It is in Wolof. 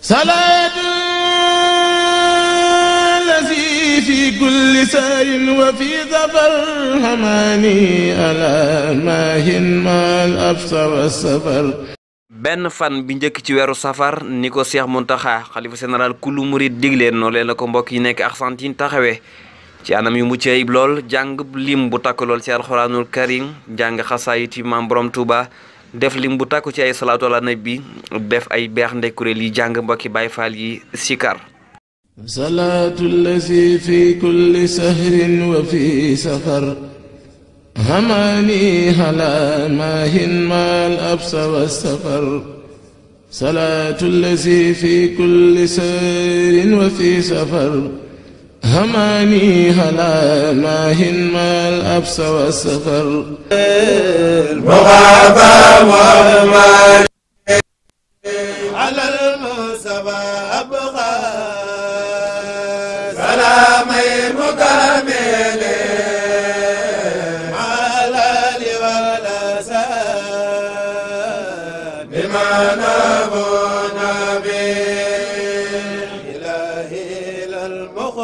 صلاة الذي في كل سار وفي ظفر هماني ألا ماهن ما الأبصر والسفر benn fan bi njëkk ci weeru safar ni ko Cheikh Mountakha xalifa général kulu murid digleen noonu la ko mbokk yi nekk Argentine taxawee ci anam yu mucc ayib lool jàng lim bu takk lool ci alxuraanul karim jàng xasaayit yi maam borom Touba def lim bu tàkku ci ay salaatu ala nabi def ay beex ndekuréel yi jàng mbokki Baay Faal yi sikar salaatu allazi fi kulli sahrin wa fi safar hamaani hala maahin maal absa wa safar salaatu allazi fi kulli sahrin wa fi safar هماني هلا ماهن ما الأبس والسفر المغافى والماجد على المصطفى أبغى سلامي مكمل على لي ولا سلام بما نار